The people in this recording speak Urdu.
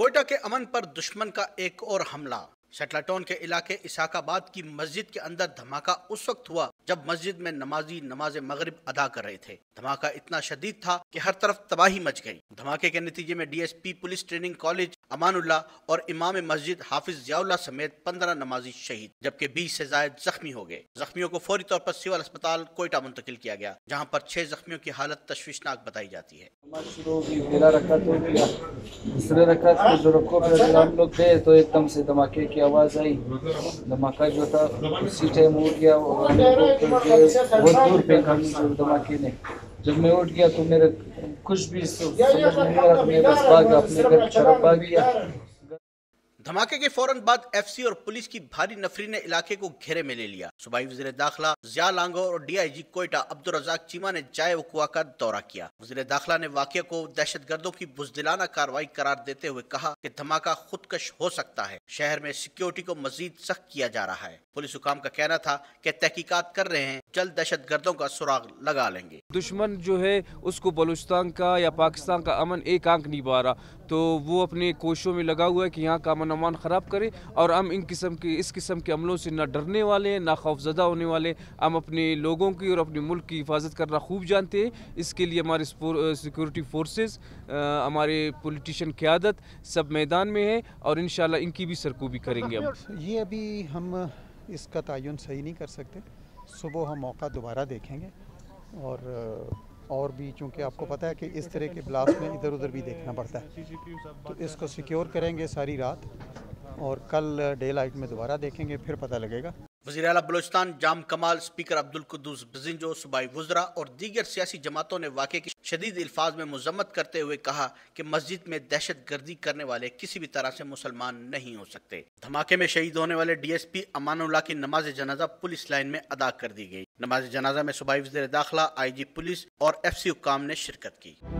کوئٹہ کے امن پر دشمن کا ایک اور حملہ سیٹلاٹون کے علاقے اساک آباد کی مسجد کے اندر دھماکہ اس وقت ہوا جب مسجد میں نمازی نماز مغرب ادا کر رہے تھے دھماکہ اتنا شدید تھا کہ ہر طرف تباہی مچ گئی دھماکے کے نتیجے میں D S P police training college Amanullah اور امام مسجد حافظ ضیاء سمیت پندرہ نمازی شہید جبکہ بیس سے زائد زخمی ہو گئے زخمیوں کو فوری طور پر سول اسپتال کوئٹہ منتقل کیا گیا جہاں پر چھ زخمیوں کی حالت تشویشناک بتائی جاتی ہے کی آواز آئی دھماکہ جو تھا اسی ٹائم اٹھ گیا بہت دور پہ پھینکا دھماکے نے جب میں اٹھ گیا تو میرے کچھ بھی سمجھ نہیں آ رہا میں بس بھاگا اپنے گھر کی طرف گیا دھماکے کے فوراں بعد ایف سی اور پولیس کی بھاری نفری نے علاقے کو گھیرے میں لے لیا صبحی وزیر داخلہ ضیاء لانگور اور ڈی آئی جی کوئٹہ عبد الرزاق چیما نے جائے وقوع کا دورہ کیا وزیر داخلہ نے واقعہ کو دہشت گردوں کی بزدلانہ کاروائی قرار دیتے ہوئے کہا کہ دھماکہ خودکش ہو سکتا ہے شہر میں سیکیورٹی کو مزید سخت کیا جا رہا ہے پولیس حکام کا کہنا تھا کہ تحقیقات کر رہے ہیں جلد دہشت گردوں کا سراغ لگا لیں گے دشمن جو ہے اس کو بلوچستان کا یا پاکستان کا امن ایک آنکھ نہیں بارا تو وہ اپنے کوششوں میں لگا ہوا ہے کہ یہاں کا امن امان خراب کرے اور ہم ان قسم کے اس قسم کے عملوں سے نہ ڈرنے والے ہیں نہ زدہ ہونے والے ہم اپنے لوگوں کی اور اپنے ملک کی حفاظت کرنا خوب جانتے ہیں اس کے لیے ہمارے سیکورٹی فورسز ہمارے پولیٹیشن قیادت سب میدان میں ہے اور انشاءاللہ ان کی بھی سرکوبی کریں گے ہم یہ ابھی ہم اس کا تعین صحیح نہیں کر سکتے صبح ہم موقع دوبارہ دیکھیں گے اور اور بھی چونکہ آپ کو پتہ ہے کہ اس طرح کے بلاسٹ میں ادھر ادھر بھی دیکھنا پڑتا ہے تو اس کو سیکیور کریں گے ساری رات اور کل ڈے لائٹ میں دوبارہ دیکھیں گے پھر پتہ لگے گا وزیر اعلیٰ بلوچستان جام کمال اسپیکر عبد القدوس بزنجو صوبائی وزراء اور دیگر سیاسی جماعتوں نے واقعے کی شدید الفاظ میں مذمت کرتے ہوئے کہا کہ مسجد میں دہشت گردی کرنے والے کسی بھی طرح سے مسلمان نہیں ہو سکتے دھماکے میں شہید ہونے والے D S P Amanullah کی نماز جنازہ پولیس لائن میں ادا کر دی گئی نماز جنازہ میں صوبائی وزیر داخلہ آئی جی پولیس اور ایف سی حکام نے شرکت کی